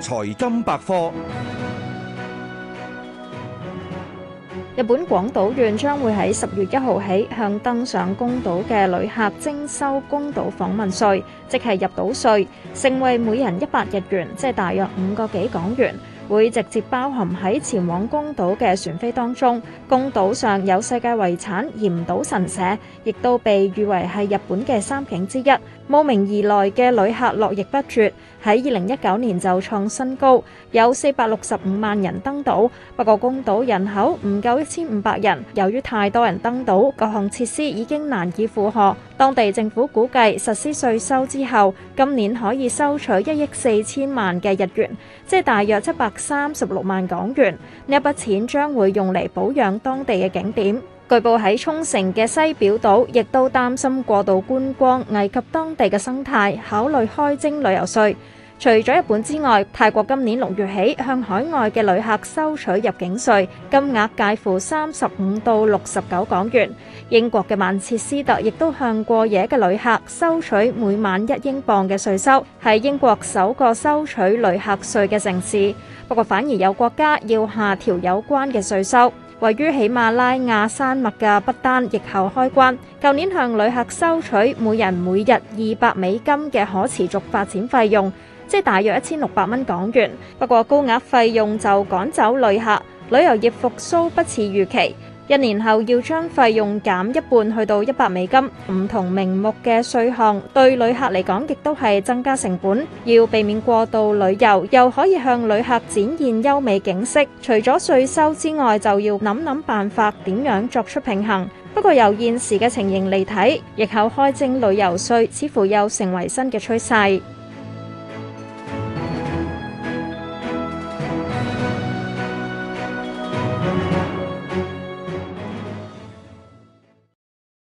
財金百科：日本廣島縣將會喺十月一號起，向登上宮島嘅旅客徵收宮島訪問稅，即係入島稅，盛惠每人一百日元，即係大約五個幾港元，會直接包含喺前往宮島嘅船飛當中。宮島上有世界遺產嚴島神社，亦都被譽為係日本嘅三景之一，慕名而來嘅旅客絡繹不絕。喺二零一九年就創新高，有四百六十五萬人登島，不過公島人口唔夠一千五百人。由於太多人登島，各項設施已經難以負荷。當地政府估計實施稅收之後，今年可以收取一億四千萬嘅日元，即係大約七百三十六萬港元。呢一筆錢將會用嚟保養當地嘅景點。據報喺沖繩嘅西表島，亦都擔心過度觀光危及當地嘅生態，考慮開徵旅遊稅。除咗日本之外，泰國今年六月起向海外嘅旅客收取入境稅，金額介乎三十五到六十九港元。英國嘅曼徹斯特亦都向過夜嘅旅客收取每晚一英鎊嘅稅收，係英國首個收取旅客稅嘅城市。不過反而有國家要下調有關嘅稅收。位於喜馬拉雅山脈嘅不丹疫後開關，舊年向旅客收取每人每日二百美金嘅可持續發展費用，即係大約一千六百蚊港元。不過高額費用就趕走旅客，旅遊業復甦不似預期。一年後要將費用減一半，去到一百美金。唔同名目嘅稅項，對旅客嚟講亦都係增加成本。要避免過度旅遊，又可以向旅客展現優美景色。除咗稅收之外，就要諗諗辦法，點樣作出平衡。不過由現時嘅情形嚟睇，日後開徵旅遊稅似乎又成為新嘅趨勢。